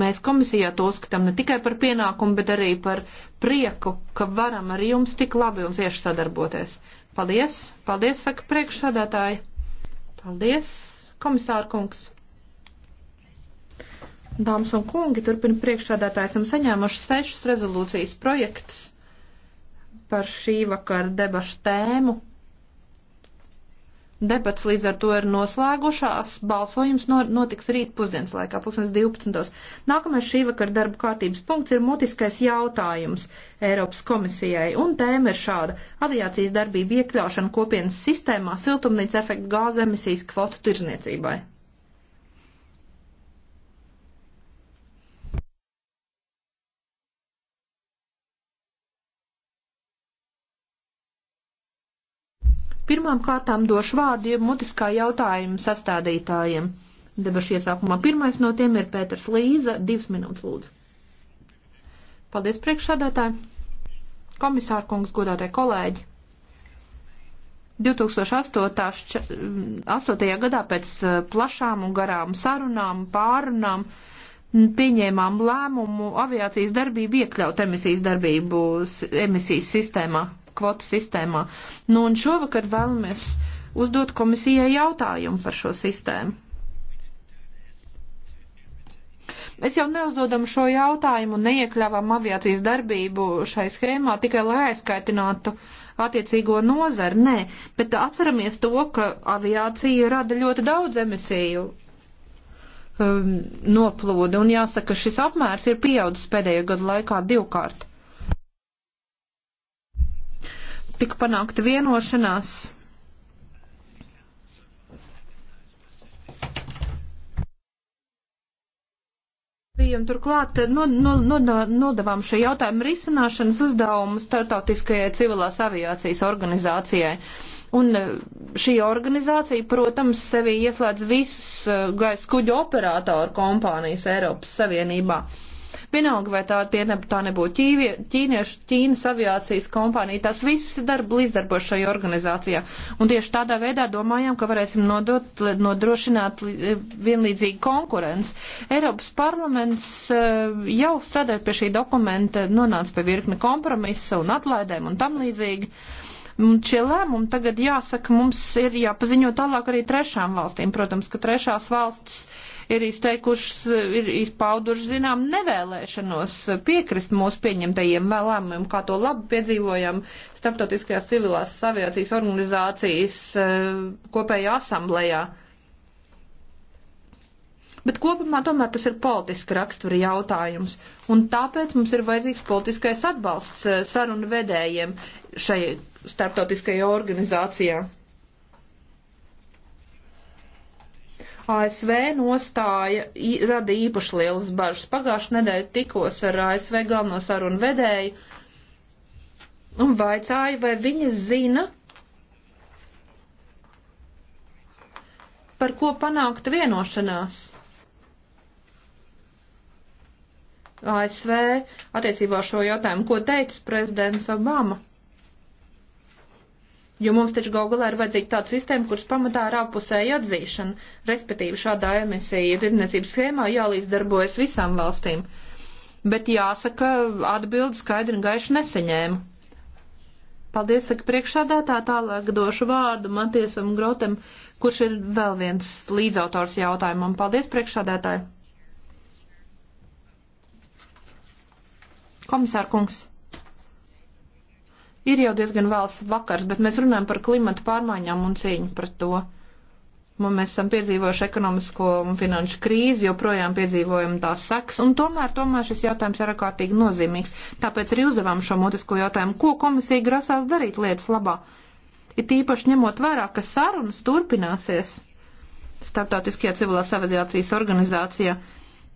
mēs komisijā to uzskatām ne tikai par pienākumu, bet arī par prieku, ka varam ar jums tik labi un cieši sadarboties. Paldies, paldies, saka priekšsādātāji. Paldies, komisārkungs. Dāmas un kungi, turpina priekšsādātāji, esam saņēmuši sešas rezolūcijas projektus par šī vakara debašu tēmu. Debats līdz ar to ir noslēgušās. Balsojums notiks rīt pusdienas laikā, 2012. Nākamais šī vakara darba kārtības punkts ir mutiskais jautājums Eiropas komisijai, un tēma ir šāda - aviācijas darbība iekļaušana kopienas sistēmā siltumnīca efekta gāzes emisijas kvotu tirzniecībai. Pirmām kārtām došu vārdu mutiskā jautājuma sastādītājiem. Debašu iesākumā pirmais no tiem ir Pēters Līza, divas minūtes lūdzu. Paldies priekšsādātāji, komisāra kungs, godātie kolēģi. 2008. 8. gadā pēc eh, plašām un garām sarunām, pārunām pieņēmām lēmumu aviācijas darbību iekļaut emisijas darbību emisijas sistēmā kvotu sistēmā. Nu, un šovakar vēlamies uzdot komisijai jautājumu par šo sistēmu. Mēs jau neuzdodam šo jautājumu un neiekļāvām aviācijas darbību šai schēmā tikai lai aizskaitinātu attiecīgo nozari, nē, bet atceramies to, ka aviācija rada ļoti daudz emisiju um, noplūdu, un jāsaka, šis apmērs ir pieaudzis pēdējo gadu laikā divkārt. tika panākta vienošanās. Bijam turklāt eh, no, no, no, nodavām šo jautājumu risināšanas uzdevumu Startautiskajai civilās aviācijas organizācijai. Un eh, šī organizācija, protams, sevi ieslēdz visas eh, gaisa kuģu operātoru kompānijas Eiropas Savienībā. Uh, Vienalga, vai tā, tie ne, tā nebūtu ķīvie, ķīniešu, Ķīnas aviācijas kompānija, tās visas ir darba līdzdarbošai organizācijā. Un tieši tādā veidā domājām, ka varēsim nodot, nodrošināt vienlīdzīgu konkurenci. Eiropas parlaments eh, jau strādājot pie šī dokumenta nonāca pie virkni kompromisa un atlaidēm un tam līdzīgi. Un šie lēmumi tagad jāsaka, mums ir jāpaziņo tālāk arī trešām valstīm. Protams, ka trešās valsts ir izteikušas, ir izpaudušas, zinām, nevēlēšanos piekrist mūsu pieņemtajiem lēmumiem, kā to labi piedzīvojam Starptautiskajās civilās aviācijas organizācijas eh, kopējā asamblējā. Bet kopumā tomēr tas ir politiska rakstura jautājums, un tāpēc mums ir vajadzīgs politiskais atbalsts eh, sarunu vedējiem šai starptautiskajā organizācijā. ASV nostāja rada īpaši lielas bažas. Pagājušajā nedēļā tikos ar ASV galveno sarunu vedēju un vaicāju, vai viņa zina, par ko panākt vienošanās. ASV attiecībā šo jautājumu, ko teica prezidents Obama. Jo mums taču gal galā ir vajadzīga tāda sistēma, kuras pamatā ir ārpusēja atzīšana, respektīvi šādā emisija tirdzniecības schēmā jālīdzdarbojas visām valstīm. Bet jāsaka, atbildi skaidri un gaiši neseņēma. Paldies, saka priekšādātā, tālāk došu vārdu Matiesam Grotam, kurš ir vēl viens līdzautors jautājumam. Paldies, priekšādātāji! Komisār kungs! Ir jau diezgan vēls vakars, bet mēs runājam par klimatu pārmaiņām un cīņu par to. Un mēs esam piedzīvojuši ekonomisko un finanšu krīzi, joprojām piedzīvojam tās sekas, un tomēr, tomēr šis jautājums ir ārkārtīgi nozīmīgs. Tāpēc arī uzdevām šo mutisko jautājumu, ko komisija grasās darīt lietas labā. Ir tīpaši ņemot vērā, ka sarunas turpināsies Startautiskajā civilās aviācijas organizācijā.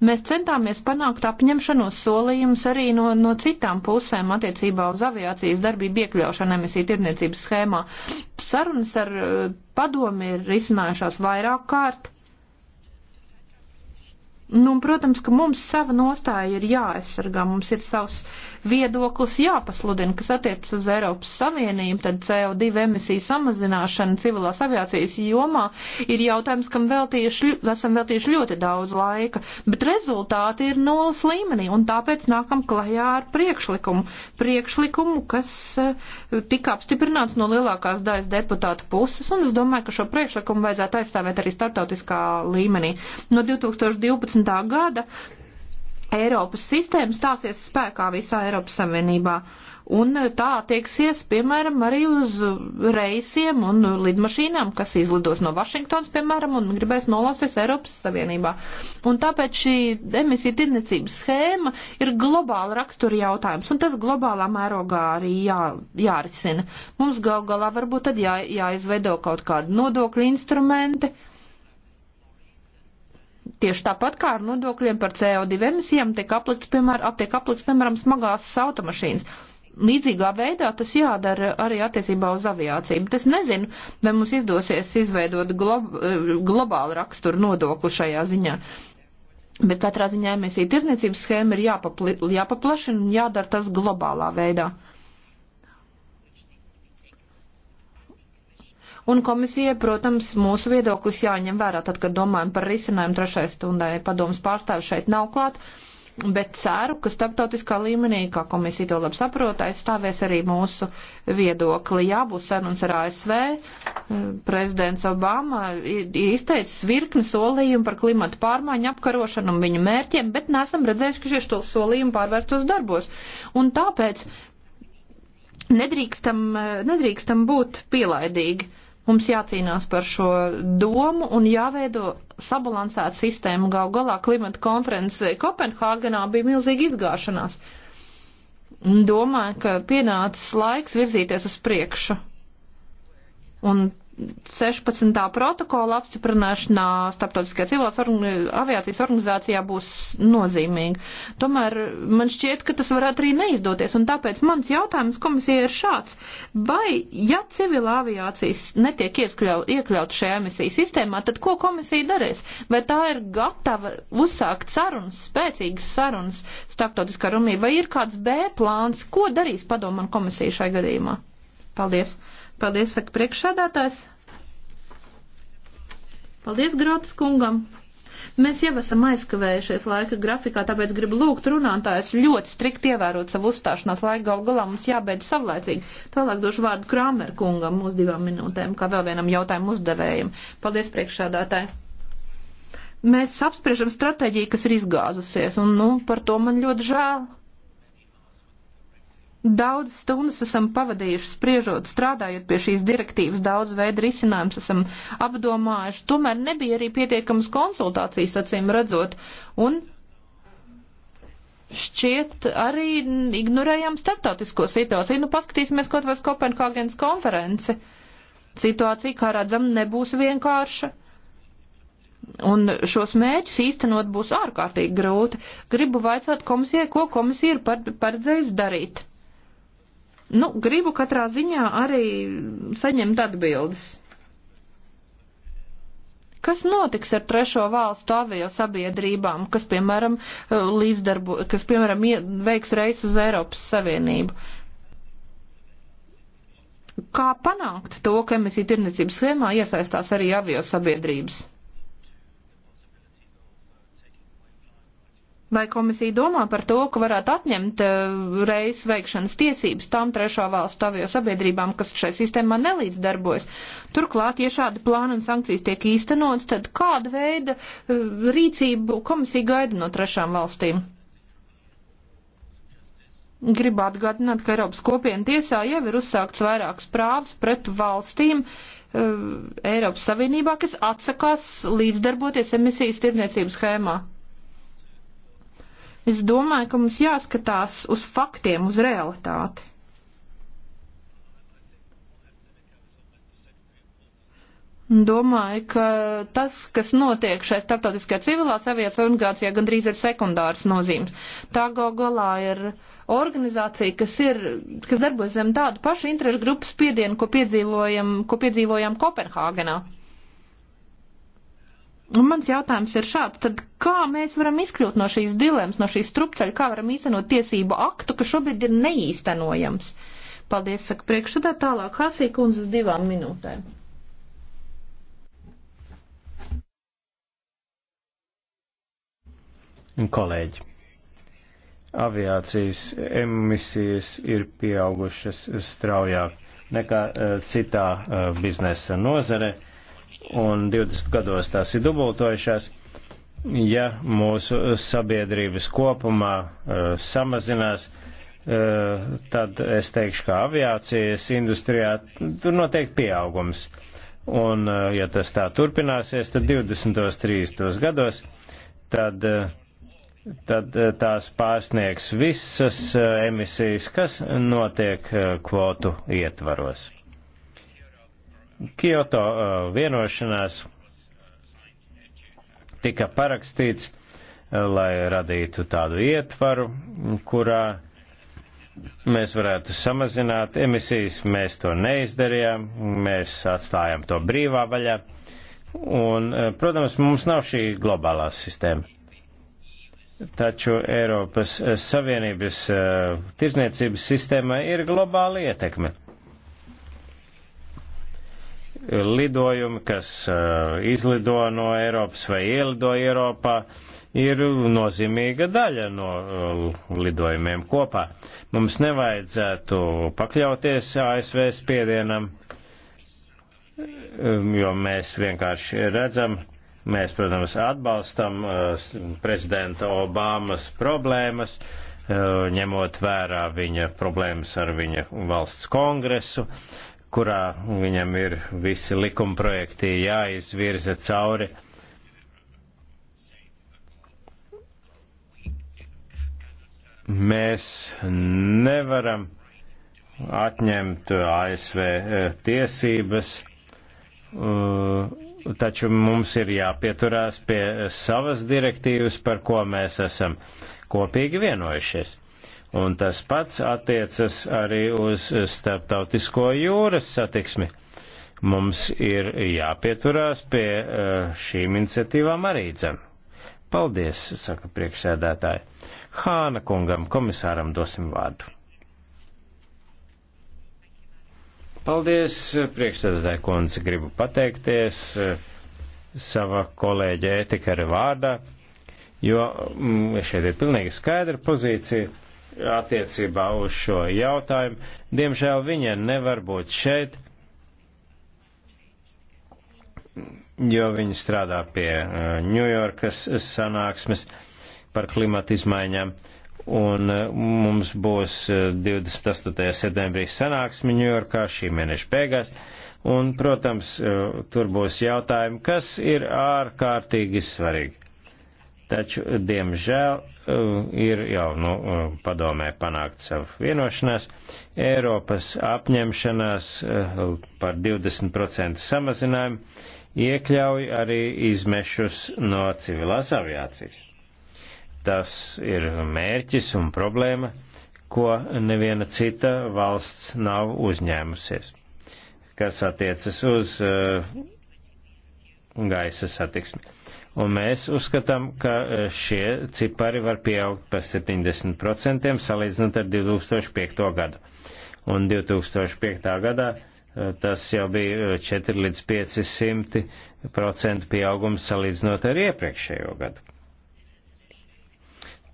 Mēs centāmies panākt apņemšanos solījumus arī no, no citām pusēm attiecībā uz aviācijas darbību iekļaušanu emisiju tirniecības schēmā. Sarunas ar eh, padomi ir izcinājušās vairāk kārt. Nu, un, protams, ka mums sava nostāja ir jāaizsargā, mums ir savs uh, viedoklis jāpasludina, kas attiecas uz Eiropas Savienību, tad CO2 emisiju samazināšana civilās aviācijas jomā ir jautājums, kam veltījuši, esam veltījuši ļoti daudz laika, bet rezultāti ir nulles līmenī, un tāpēc nākam klajā ar priekšlikumu. Priekšlikumu, kas eh, tika apstiprināts no lielākās daļas deputātu puses, un es domāju, ka šo priekšlikumu vajadzētu aizstāvēt arī starptautiskā līmenī. No 2012. gada Eiropas sistēma stāsies spēkā visā Eiropas Savienībā. Un eh, tā attieksies, piemēram, arī uz reisiem un lidmašīnām, kas izlidos no Vašingtons, piemēram, un gribēs nolasties Eiropas Savienībā. Un tāpēc šī emisija tirnicības schēma ir globāla rakstura jautājums, un tas globālā mērogā arī jā, jārisina. Mums gal galā varbūt tad jā, jāizveido kaut kādi nodokļu instrumenti Tieši tāpat kā ar nodokļiem par CO2 emisijām tiek aplikts, piemēram, tiek aplikts, piemēram, smagās automašīnas. Līdzīgā veidā tas jādara arī attiecībā uz aviāciju. Es nezinu, vai mums izdosies izveidot glob globālu raksturu nodoklu šajā ziņā. Bet katrā ziņā emisiju tirniecības schēma ir jāpapli, jāpaplašina un jādara tas globālā veidā. Un komisijai, protams, mūsu viedoklis jāņem vērā, tad, kad domājam par risinājumu trešai stundai. Padomas pārstāvis šeit nav klāt, bet ceru, ka starptautiskā līmenī, kā komisija to labi saprot, aizstāvēs arī mūsu viedokli. Jā, būs sarunas ar ASV. Prezidents Obama ir izteicis virkni solījumu par klimatu pārmaiņu apkarošanu un viņu mērķiem, bet nesam redzējuši, ka šie solījumi pārvērstos darbos. Un tāpēc nedrīkstam, nedrīkstam būt pielaidīgi. Mums jācīnās par šo domu un jāveido sabalansēta sistēma. Gal galā klimata konference Kopenhāgenā bija milzīga izgāšanās. Domāju, ka pienācis laiks virzīties uz priekšu. Un 16. protokola apstiprināšanā starptautiskajā civilās orga, aviācijas organizācijā būs nozīmīga. Tomēr man šķiet, ka tas varētu arī neizdoties, un tāpēc mans jautājums komisijai ir šāds. Vai, ja civilā aviācijas netiek ieskļau, iekļaut šajā emisiju sistēmā, tad ko komisija darīs? Vai tā ir gatava uzsākt sarunas, spēcīgas sarunas starptautiskā rumī, vai ir kāds B plāns, ko darīs padomu un komisija šajā gadījumā? Paldies! Paldies, saka priekšsādātājs. Paldies, Grotas kungam. Mēs jau esam aizkavējušies laika grafikā, tāpēc gribu lūgt runātājus ļoti strikt ievērot savu uzstāšanās laiku. Gal galā mums jābeidz savlaicīgi. Tālāk došu vārdu Krāmer kungam uz divām minūtēm, kā vēl vienam jautājumu uzdevējam. Paldies, priekšsādātāji mēs apspriežam stratēģiju, kas ir izgāzusies, un nu, par to man ļoti žēl. Daudz stundas esam pavadījuši spriežot, strādājot pie šīs direktīvas, daudz veidu risinājums esam apdomājuši, tomēr nebija arī pietiekamas konsultācijas, acīm redzot, un šķiet arī ignorējām starptautisko situāciju. Nu, paskatīsimies kaut vai uz Kopenhāgenes konferenci. Situācija, kā redzam, nebūs vienkārša. Un šos mēģus īstenot būs ārkārtīgi grūti. Gribu vaicāt komisijai, ko komisija ir paredzējusi darīt Nu, gribu katrā ziņā arī saņemt atbildes. Kas notiks ar trešo valstu avio sabiedrībām, kas, piemēram, eh, līdzdarbu, kas, piemēram, veiks reisu uz Eiropas Savienību? Kā panākt to, ka emisiju tirnicības schēmā iesaistās arī avio sabiedrības? Vai komisija domā par to, ka varētu atņemt eh, reisu veikšanas tiesības tām trešā valstu avio sabiedrībām, kas šai sistēmā nelīdzdarbojas? Turklāt, ja šādi plāni un sankcijas tiek īstenots, tad kāda veida eh, rīcību komisija gaida no trešām valstīm? Gribu atgādināt, ka Eiropas kopiena tiesā jau ir uzsākts vairākas prāvas pret valstīm, eh, Eiropas Savienībā, kas atsakās līdzdarboties emisijas tirniecības schēmā. Es domāju, ka mums jāskatās uz faktiem, uz realitāti. Domāju, ka tas, kas notiek šai starptautiskajā civilās aviācijas organizācijā, gandrīz ir sekundārs nozīmes. Tā gal galā ir organizācija, kas, ir, kas darbojas zem tādu pašu interešu grupu spiedienu, ko, piedzīvojam, ko piedzīvojām Kopenhāgenā. Un mans jautājums ir šāds, tad kā mēs varam izkļūt no šīs dilemmas, no šīs strupceļa, kā varam īstenot tiesību aktu, kas šobrīd ir neīstenojams? Paldies, saka priekšsadā, tālāk Hasī kundze uz divām minūtēm. Un kolēģi, aviācijas emisijas ir pieaugušas straujāk nekā uh, citā uh, biznesa nozare. Uh, un 20 gados tās ir dubultojušās. Ja mūsu sabiedrības kopumā uh, samazinās, uh, tad es teikšu, ka aviācijas industrijā tur noteikti pieaugums. Un, uh, ja tas tā turpināsies, tad 20. 30. gados, tad, uh, tad uh, tās pārsniegs visas uh, emisijas, kas notiek uh, kvotu ietvaros. Kyoto uh, vienošanās tika parakstīts, uh, lai radītu tādu ietvaru, kurā mēs varētu samazināt emisijas. Mēs to neizdarījām, mēs atstājām to brīvā vaļā. Un, uh, protams, mums nav šī globālā sistēma. Taču Eiropas Savienības tirzniecības sistēmai ir globāla ietekme lidojumi, kas uh, izlido no Eiropas vai ielido Eiropā, ir nozīmīga daļa no uh, lidojumiem kopā. Mums nevajadzētu pakļauties ASV spiedienam, um, jo mēs vienkārši redzam, mēs, protams, atbalstam uh, prezidenta Obamas problēmas, ņemot vērā viņa problēmas ar viņa valsts kongresu, kurā viņam ir visi likumprojekti jāizvirza cauri. Mēs nevaram atņemt ASV eh, tiesības, eh, taču mums ir jāpieturās pie savas direktīvas, par ko mēs esam kopīgi vienojušies. Un tas pats attiecas arī uz starptautisko jūras satiksmi. Mums ir jāpieturās pie eh, šīm iniciatīvām arī dzem. Paldies, saka priekšsēdētāji. Hāna kungam, komisāram dosim vārdu. Paldies, priekšsēdētāji kundze, gribu pateikties eh, sava kolēģa Etikara vārdā, jo mm, šeit ir pilnīgi skaidra pozīcija attiecībā uz šo jautājumu. Diemžēl viņa nevar būt šeit, jo viņa strādā pie Ņujorkas uh, sanāksmes par klimatu izmaiņām. Un uh, mums būs 28. Uh, septembrī sanāksme Ņujorkā šī mēneša beigās. Un, protams, tur būs jautājumi, kas ir ārkārtīgi svarīgi. Taču, diemžēl, eh, ir jau nu, eh, padomē panākt savu vienošanās. Eiropas apņemšanās eh, par 20% samazinājumu iekļauj arī izmešus no civilās aviācijas. Tas ir mērķis un problēma, ko neviena cita valsts nav uzņēmusies, kas attiecas uz gaisa satiksmi. Un mēs uzskatām, ka e, šie cipari var pieaugt par 70% salīdzinot ar 2005. gadu. Un 2005. gadā e, tas jau bija 4 e, līdz 500% pieaugums salīdzinot ar iepriekšējo gadu.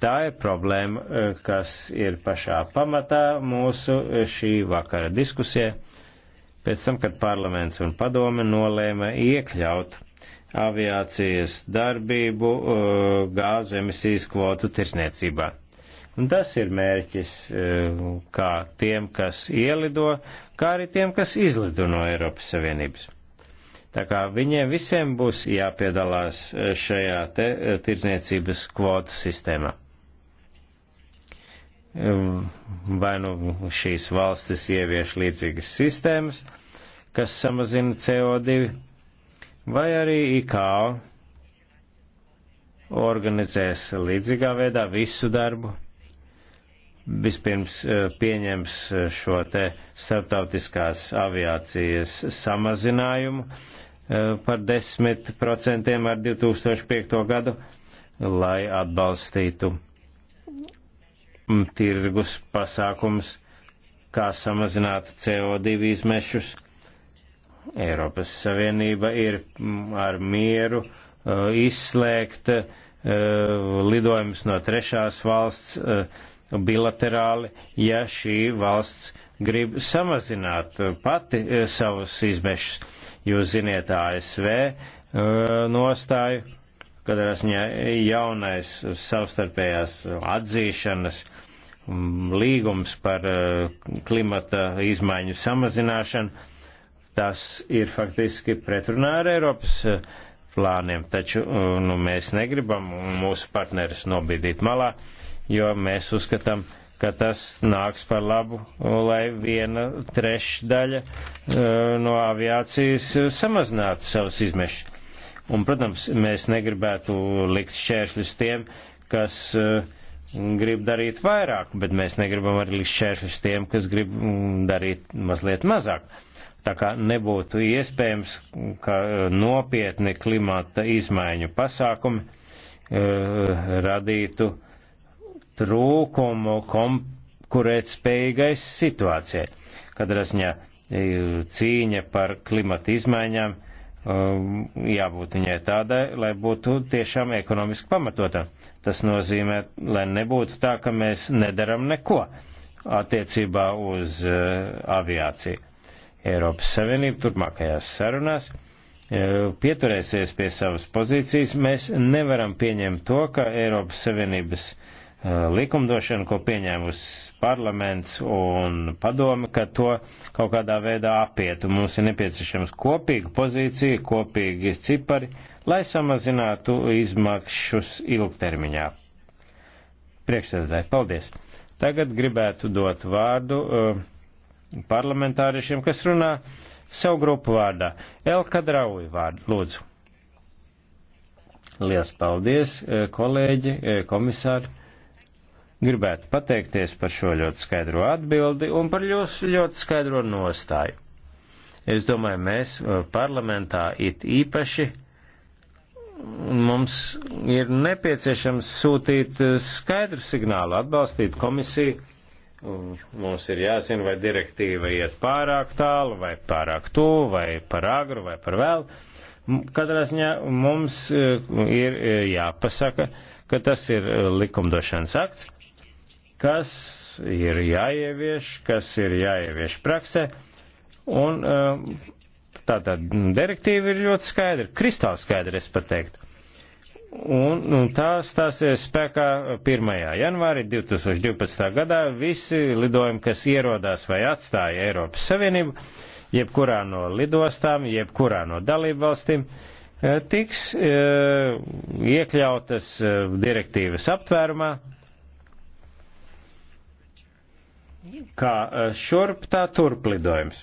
Tā ir problēma, kas ir pašā pamatā mūsu šī vakara diskusijā, pēc tam, kad parlaments un padome nolēma iekļaut aviācijas darbību eh, gāzu emisijas kvotu tirsniecībā. Un tas ir mērķis eh, kā tiem, kas ielido, kā arī tiem, kas izlido no Eiropas Savienības. Tā kā viņiem visiem būs jāpiedalās eh, šajā te tirzniecības kvotu sistēmā. Vai nu šīs valstis ievieš līdzīgas sistēmas, kas samazina CO2 vai arī IKO organizēs līdzīgā veidā visu darbu, vispirms eh, pieņems eh, šo te starptautiskās aviācijas samazinājumu eh, par 10% ar 2005. gadu, lai atbalstītu mm, tirgus pasākums, kā samazināt CO2 izmešus Eiropas Savienība ir mm, ar mieru eh, izslēgt eh, lidojumus no trešās valsts eh, bilaterāli, ja šī valsts grib samazināt pati savus izmešus. Jūs ziniet ASV nostāju, kad rasņā jaunais savstarpējās atzīšanas mm, līgums par klimata izmaiņu samazināšanu Tas ir faktiski pretrunā ar Eiropas eh, plāniem, taču eh, nu, mēs negribam mūsu partnerus nobīdīt malā, jo mēs uzskatām, ka tas nāks par labu, eh, lai viena trešdaļa no aviācijas samazinātu savus izmešus. Un, protams, mēs negribētu likt šķēršļus tiem, kas grib darīt vairāk, bet mēs negribam arī likt šķēršļus tiem, kas grib mm, darīt mazliet mazāk. Tā kā nebūtu iespējams, ka eh, nopietni klimata izmaiņu pasākumi uh, radītu trūkumu konkurētspējīgai situācijai, kad rasņā eh, cīņa par klimata izmaiņām jābūt viņai tādai, lai būtu tiešām ekonomiski pamatotā. Tas nozīmē, lai nebūtu tā, ka mēs nedaram neko attiecībā uz aviāciju. Eiropas Savienība turpmākajās sarunās e, pieturēsies pie savas pozīcijas. Mēs nevaram pieņemt to, ka Eiropas Savienības e, likumdošana, ko pieņēmus parlaments un padome, ka to kaut kādā veidā apietu. Mums ir nepieciešams kopīga pozīcija, kopīgi cipari, lai samazinātu izmakšus ilgtermiņā. Priekšsēdētāji, paldies! Tagad gribētu dot vārdu uh, parlamentāriešiem, kas runā savu grupu vārdā. Elka Drauji vārdu, lūdzu. Lielas paldies, e, kolēģi, e, komisāri. Gribētu pateikties par šo ļoti skaidro atbildi un par jūsu ļoti skaidro nostāju. Es domāju, mēs e, parlamentā it īpaši mums ir nepieciešams sūtīt skaidru signālu, atbalstīt komisiju Mums ir jāzina, vai direktīva iet pārāk tālu, vai pārāk tuvu, vai par agru, vai par vēlu. Katrā ziņā mums e, ir e, jāpasaka, ka tas ir e, likumdošanas akts, kas ir jāievieš, kas ir jāievieš praksē. Un tātad direktīva ir ļoti skaidra, kristāli skaidra, es pat teiktu. Un, un nu, tā stāsies spēkā 1. janvārī 2012. gadā visi lidojumi, kas ierodās vai atstāja Eiropas Savienību, jebkurā no lidostām, jebkurā no dalību valstīm, eh, tiks eh, iekļautas eh, direktīvas aptvērumā, kā šurp tā turplidojums.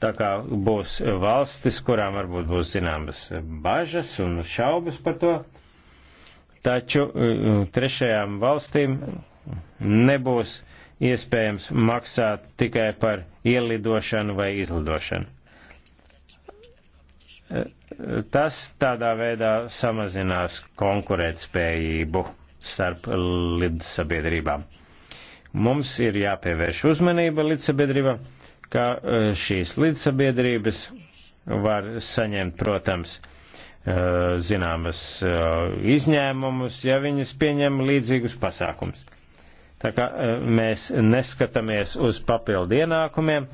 Tā kā būs valstis, kurām varbūt būs zināmas bažas un šaubas par to, taču e, trešajām valstīm nebūs iespējams maksāt tikai par ielidošanu vai izlidošanu. E, tas tādā veidā samazinās konkurētspējību starp lidsabiedrībām. Mums ir jāpievērš uzmanība lidsabiedrībām ka e, šīs līdzsabiedrības var saņemt, protams, e, zināmas e, izņēmumus, ja viņas pieņem līdzīgus pasākums. Tā kā mēs neskatāmies uz papildu ienākumiem,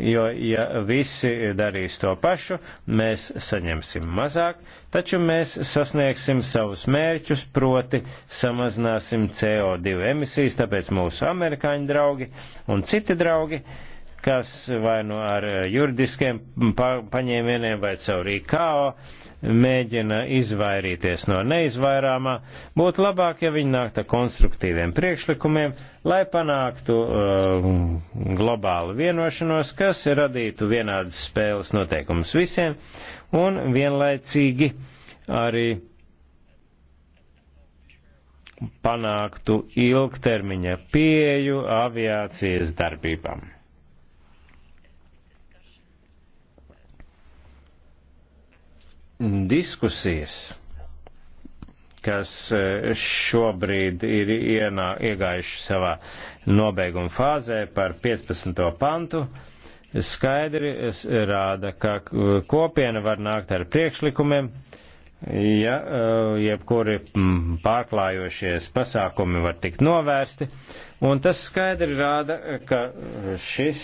jo ja visi darīs to pašu, mēs saņemsim mazāk, taču mēs sasniegsim savus mērķus, proti samazināsim CO2 emisijas, tāpēc mūsu amerikāņu draugi un citi draugi uh, kas vai nu ar eh, juridiskiem pa paņēmieniem vai caur IKO mēģina izvairīties no neizvairāmā, būtu labāk, ja viņi nāktu ar konstruktīviem priekšlikumiem, lai panāktu uh, globālu vienošanos, kas radītu vienādas spēles noteikumus visiem un vienlaicīgi arī panāktu ilgtermiņa pieju aviācijas darbībām. diskusijas, kas e, šobrīd ir ienā, iegājuši savā nobeiguma fāzē par 15. pantu, skaidri rāda, ka e, kopiena var nākt ar priekšlikumiem, ja e, jebkuri pārklājošies pasākumi var tikt novērsti, un tas skaidri rāda, ka šis,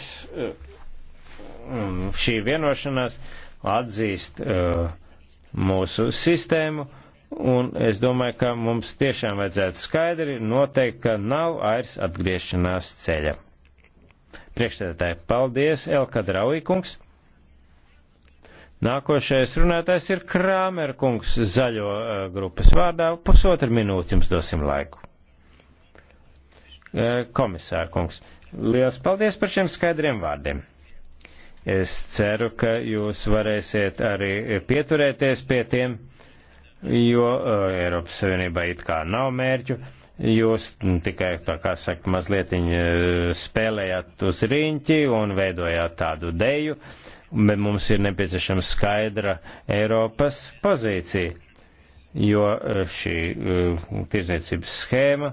šī vienošanās atzīst uh, mūsu sistēmu, un es domāju, ka mums tiešām vajadzētu skaidri noteikt, ka nav airs atgriešanās ceļa. Priekšstādātāji, paldies, Elka Draujkungs. Nākošais runātājs ir Krāmerkungs zaļo uh, grupas vārdā. Pusotru minūti jums dosim laiku. Uh, Komisārkungs, liels paldies par šiem skaidriem vārdiem. Es ceru, ka jūs varēsiet arī pieturēties pie tiem, jo uh, Eiropas Savienībā it kā nav mērķu. Jūs nu, tikai, tā kā saka, mazliet uh, spēlējāt uz riņķi un veidojāt tādu deju, bet mums ir nepieciešama skaidra Eiropas pozīcija jo uh, šī uh, tirdzniecības schēma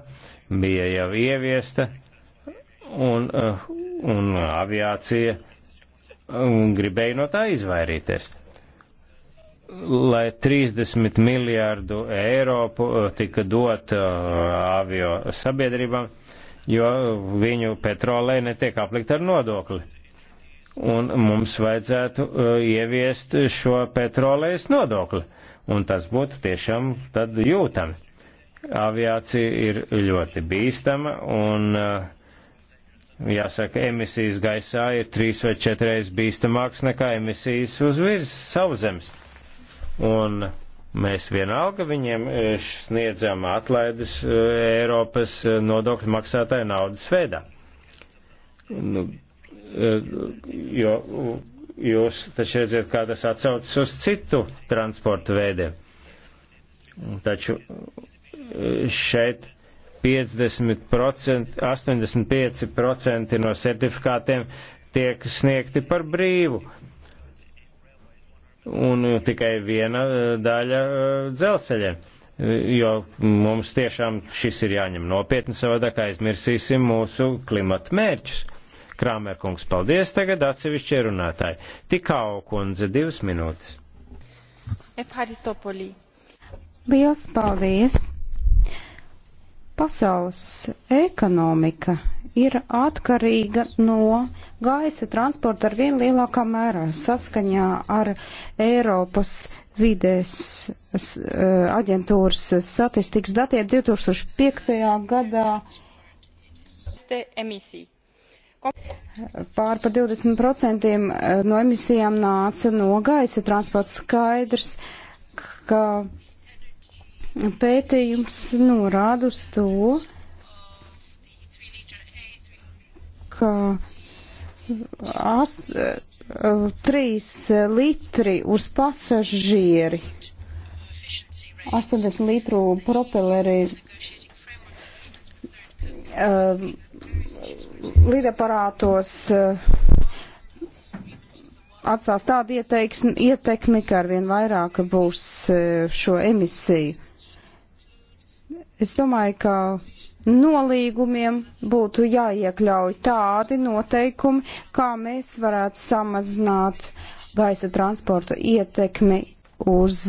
bija jau ieviesta un, uh, un aviācija uh, un gribēju no tā izvairīties. Lai 30 miljārdu eiro tika dot uh, avio sabiedrībām, jo viņu petrolē netiek aplikt ar nodokli. Un mums vajadzētu uh, ieviest šo petrolējas nodokli. Un tas būtu tiešām tad jūtami. Aviācija ir ļoti bīstama un uh, Jāsaka, emisijas gaisā ir trīs vai četreiz bīstamāks nekā emisijas uz virs sauszemes. Un mēs vienalga viņiem e, sniedzam atlaides e, Eiropas e, nodokļu maksātāju naudas veidā. Nu, jo jūs taču redzat, kā tas atsaucas uz citu transportu veidiem. Taču šeit 50%, 85% no certifikātiem tiek sniegti par brīvu. Un tikai viena e, daļa e, dzelzceļiem jo mums tiešām šis ir jāņem nopietni, savādāk aizmirsīsim mūsu klimata mērķus. Krāmerkungs, paldies tagad atsevišķi runātāji. Tikau, kundze, divas minūtes. Efharistopolī. Liels paldies! Pasaules ekonomika ir atkarīga no gaisa transporta ar vien lielākā mērā saskaņā ar Eiropas vides e, aģentūras statistikas datiem 2005. gadā. Pār par 20% e, no emisijām nāca no gaisa transporta skaidrs, ka Pētījums norāda uz to, ka ast, eh, trīs litri uz pasažieri, 80 litru propeleri uh, eh, lidaparātos uh, atstās tādu ietekmi, ka arvien vairāk būs uh, šo emisiju. Es domāju, ka nolīgumiem būtu jāiekļauj tādi noteikumi, kā mēs varētu samazināt gaisa transporta ietekmi uz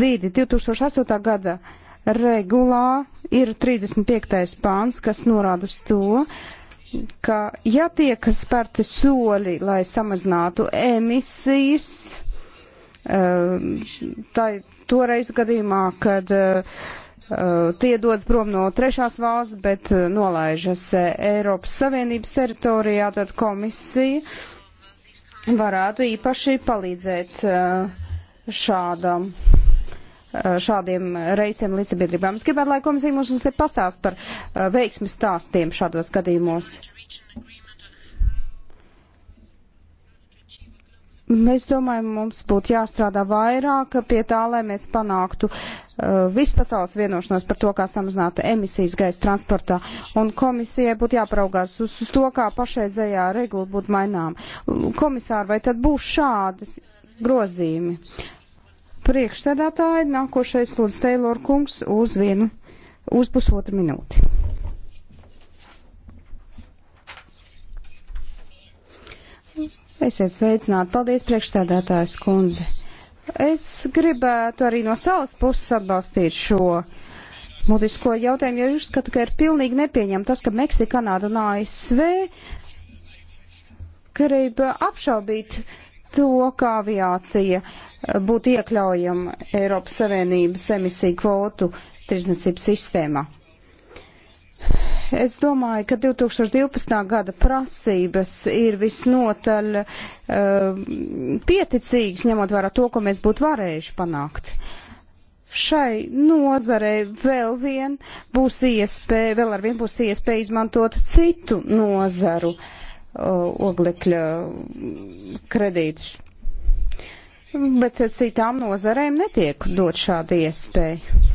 vidi. 2008. gada regulā ir 35. pāns, kas norāda uz to, ka ja tiek spērti soļi, lai samazinātu emisijas, eh, tā, toreiz gadījumā, kad uh, Eh, tie dodas prom no trešās valsts, bet eh, nolaižas eh, Eiropas Savienības teritorijā, tad komisija varētu īpaši palīdzēt šādam, šādiem reisiem līdz sabiedrībām. Es gribētu, lai komisija mums te pastāst par veiksmi stāstiem šādos gadījumos. Mēs domājam, mums būtu jāstrādā vairāk pie tā, lai mēs panāktu uh, vispasaules vienošanos par to, kā samazināt emisijas gaisa transportā. Un komisijai būtu jāpraugās uz, uz to, kā pašreizējā regula būtu mainām. Komisāri, vai tad būs šādas grozījumi? Priekšsēdētāji, nākošais lūdzu Teilor kungs uz vienu, uz pusotru minūti. Esiet sveicināti. Paldies, priekšstādātājs kundze. Es gribētu arī no savas puses atbalstīt šo mutisko jautājumu, jo es skatu, ka ir pilnīgi nepieņem tas, ka Meksika, Kanāda un ASV grib apšaubīt to, kā aviācija būtu iekļaujama Eiropas Savienības emisiju kvotu tirzniecības sistēmā. Es domāju, ka 2012. gada prasības ir visnotaļ uh, pieticīgas, ņemot vērā to, ko mēs būtu varējuši panākt. Šai nozarei vēl vien būs iespēja, vēl ar vien būs iespēja izmantot citu nozaru uh, oglekļa kredītus bet citām nozarēm netiek dot šāda iespēja.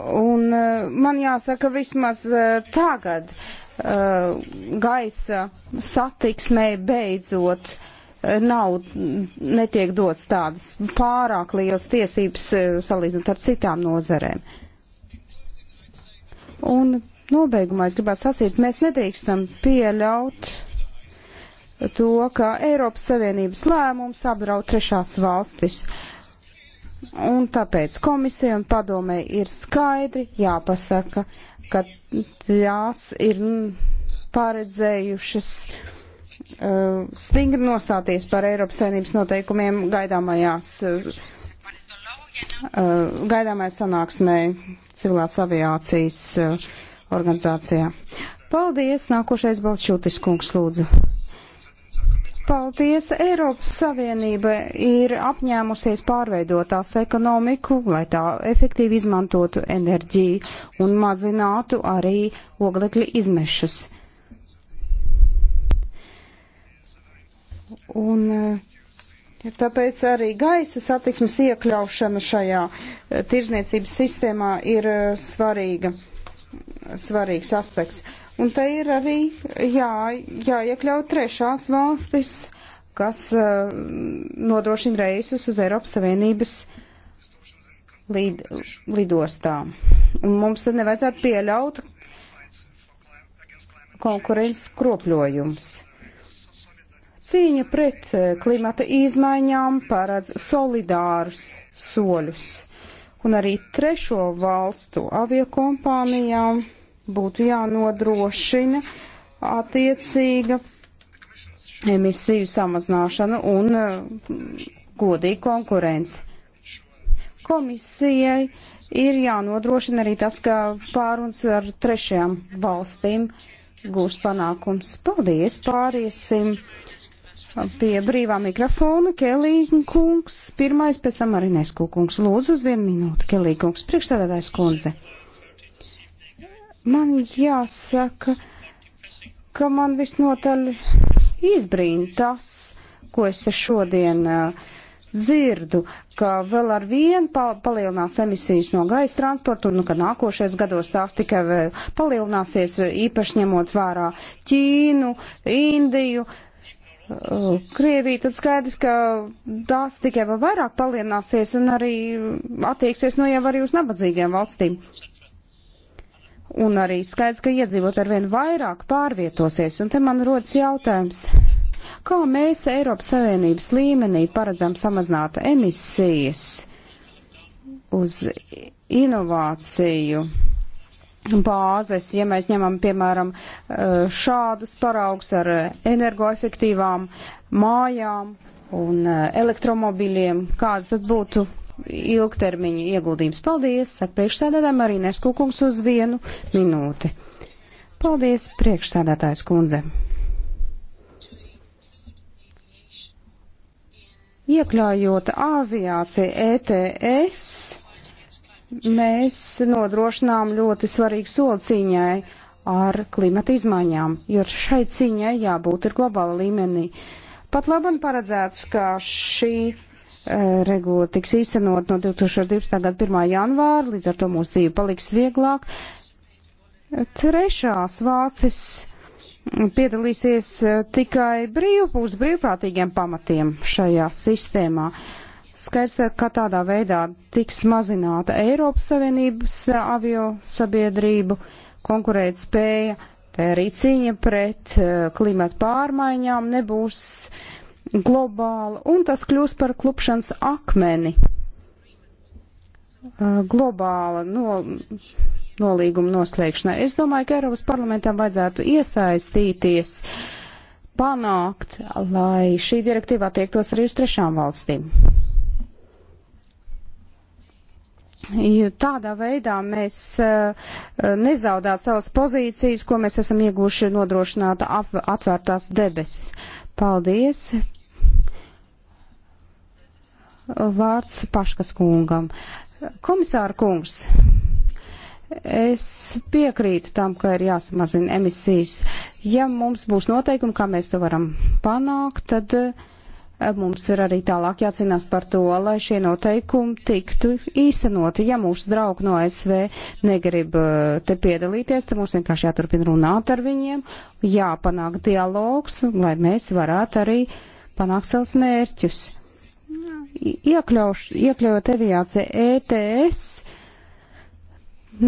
Un eh, man jāsaka, vismaz eh, tagad eh, gaisa satiksmē beidzot nav, netiek dots tādas pārāk liels tiesības salīdzinot ar citām nozarēm. Un nobeigumā es gribētu sacīt, mēs nedrīkstam pieļaut to, ka Eiropas Savienības lēmums apdraud trešās valstis. Uh, Un tāpēc komisija un padomē ir skaidri jāpasaka, ka tās ir paredzējušas uh, stingri nostāties par Eiropas saimnības noteikumiem gaidāmajās, uh, gaidāmajā sanāksmē civilās aviācijas uh, organizācijā. Paldies! Nākošais Balčūtis kungs lūdzu. Paldies! Eiropas Savienība ir apņēmusies pārveidot tās ekonomiku, lai tā efektīvi izmantotu enerģiju un mazinātu arī oglekļa izmešus. Un eh, tāpēc arī gaisa satiksmes iekļaušana šajā eh, tirzniecības sistēmā ir eh, svarīga, svarīgs aspekts. Un te ir arī jā, jāiekļaut trešās valstis, kas uh, nodrošina reisus uz Eiropas Savienības lid, lidostām. Un mums tad nevajadzētu pieļaut konkurences kropļojums. Cīņa pret eh, klimata izmaiņām paredz solidārus soļus. Un arī trešo valstu aviokompānijām būtu jānodrošina attiecīga emisiju samazināšana un uh, godīga konkurence. Komisijai ir jānodrošina arī tas, ka pārunas ar trešajām valstīm gūs panākums. Paldies, pāriesim pie brīvā mikrofona. Kelī kungs, pirmais, pēc tam arī Nesku kungs. Lūdzu uz vienu minūti, Kelī kungs, priekšstādātājs kundze. Man jāsaka, ka man visnotaļ izbrīn tas, ko es te šodien uh, dzirdu, ka vēl ar vienu palielinās emisijas no gaisa transporta un ka nākošais gados tās tikai vēl palielināsies, īpaši ņemot vērā Ķīnu, Indiju. Krievija tad skaidrs, ka tās tikai vēl vairāk palielināsies un arī attieksies no jau arī uz nabadzīgiem valstīm. Un arī skaidrs, ka iedzīvot ar vien vairāk pārvietosies. Un te man rodas jautājums, kā mēs Eiropas Savienības līmenī paredzam samazināt emisijas uz inovāciju bāzes, ja mēs ņemam, piemēram, šādus paraugs ar energoefektīvām mājām un eh, elektromobiļiem, kāds tad būtu ilgtermiņa ieguldījums. Paldies, saka priekšsēdētājiem arī neskūkums uz vienu minūti. Paldies, priekšsēdētājs kundze. Iekļaujot aviāciju ETS, mēs nodrošinām ļoti svarīgu soli cīņai ar klimata izmaiņām, jo šai cīņai jābūt ir globāla līmenī. Pat labam paredzēts, ka šī Eh, regula tiks īstenot no 2012. gada 1. janvāra, līdz ar to mūsu dzīve paliks vieglāk. Trešās valstis piedalīsies eh, tikai brīvpūs brīvprātīgiem pamatiem šajā sistēmā. Skaidrs, ka tādā veidā tiks mazināta Eiropas Savienības avio sabiedrību konkurēt spēja, tā arī cīņa pret eh, klimatu pārmaiņām nebūs uh, globāli, un tas kļūst par klupšanas akmeni uh, globāla no, nolīguma noslēgšanai. Es domāju, ka Eiropas parlamentam vajadzētu iesaistīties, panākt, lai šī direktīva attiektos arī uz trešām valstīm. Jo tādā veidā mēs uh, nezaudētu savas pozīcijas, ko mēs esam ieguvuši nodrošināta ap, atvērtās debesis. Paldies! vārds Paškas kungam. Komisāra kungs, es piekrītu tam, ka ir jāsamazina emisijas. Ja mums būs noteikumi, kā mēs to varam panākt, tad eh, mums ir arī tālāk jācīnās par to, lai šie noteikumi tiktu īstenoti. Ja mūsu draugi no ASV negrib eh, te piedalīties, tad mums vienkārši jāturpina runāt ar viņiem, jāpanāk dialogs, lai mēs varētu arī panākt savus mērķus iekļauš, iekļaujot aviācija ETS,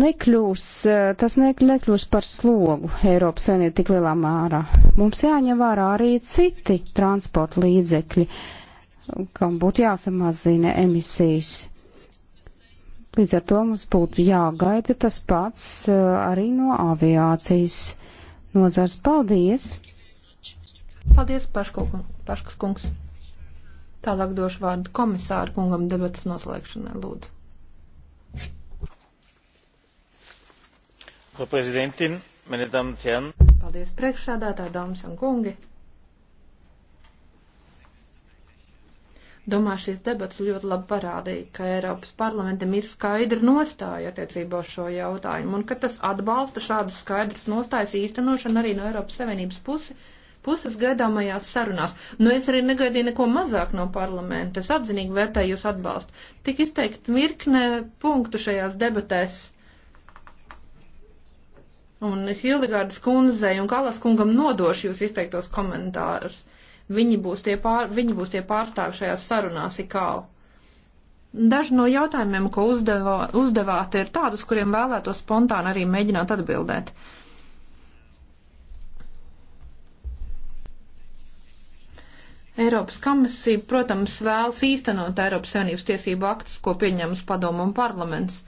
nekļūs, eh, tas nekļūs par slogu Eiropas saimnieku tik lielā mērā. Mums jāņem vērā arī citi transporta līdzekļi, kam būtu jāsamazina emisijas. Līdz ar to mums būtu jāgaida tas pats eh, arī no aviācijas nozars. Paldies! Paldies, Paškas kungs! Tālāk došu vārdu komisāru kungam debatas noslēgšanai, lūdzu. Paldies priekšsādātā, dāmas un kungi. Domāju, šīs debats ļoti labi parādīja, ka Eiropas parlamentam ir skaidra nostāja attiecībā uz šo jautājumu un ka tas atbalsta šādas skaidras nostājas īstenošanu arī no Eiropas Savienības puses puses gaidāmajās sarunās. Nu, es arī negaidīju neko mazāk no parlamenta. Es atzinīgi vērtēju jūs atbalstu. Tik izteikt virkne punktu šajās debatēs. Un Hildegārdas kundzei un Kalas kungam nodošu jūs izteiktos komentārus. Viņi būs tie, pār, viņi būs tie pārstāvi šajās sarunās ikālu. Daži no jautājumiem, ko uzdevā, uzdevāt, ir tādus, kuriem vēlētos spontāni arī mēģināt atbildēt. Uh, Eiropas komisija, protams, vēlas īstenot Eiropas Savienības tiesību aktus, ko pieņems padomu un parlaments.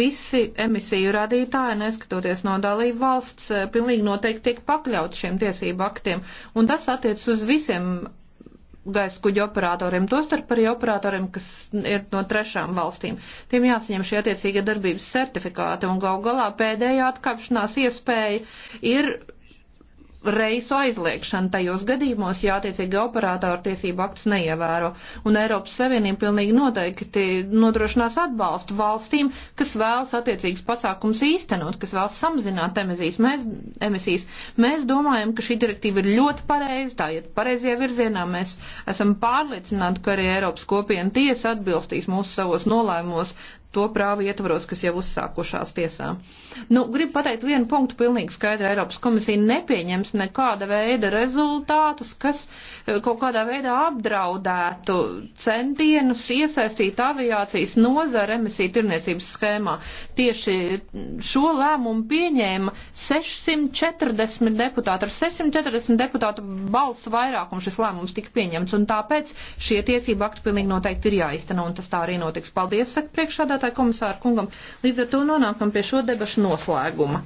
Visi emisiju radītāji, neskatoties no dalību valsts, eh, pilnīgi noteikti tiek pakļaut šiem tiesību aktiem, un tas attiec uz visiem gaisa kuģu operatoriem, tostarp arī operatoriem, kas ir no trešām valstīm. Tiem jāsaņem šie attiecīgie darbības certifikāti, un gal galā pēdējā atkāpšanās iespēja ir reisu aizliekšanu tajos gadījumos, ja attiecīgi operātoru tiesību aktus neievēro. Un Eiropas Savienība pilnīgi noteikti nodrošinās atbalstu valstīm, kas vēlas attiecīgas pasākums īstenot, kas vēlas samazināt emisijas. Mēs, emisijas. mēs domājam, ka šī direktīva ir ļoti pareiza, tā iet pareizajā virzienā. Mēs esam pārliecināti, ka arī Eiropas kopiena tiesa atbilstīs mūsu savos nolēmumos to prāvu ietvaros, kas jau uzsākušās tiesā. Nu, gribu pateikt vienu punktu pilnīgi skaidri. Eiropas komisija nepieņems nekāda veida rezultātus, kas eh, kaut kādā veidā apdraudētu centienus iesaistīt aviācijas nozara emisiju tirniecības schēmā. Tieši šo lēmumu pieņēma 640 deputāti. Ar 640 deputātu balsu vairākumu šis lēmums tika pieņemts, un tāpēc šie tiesību akti pilnīgi noteikti ir jāizteno, un tas tā arī notiks. Paldies, saka priekšādā priekšsēdētāju komisāru kungam. Līdz ar to nonākam pie šo debašu noslēguma.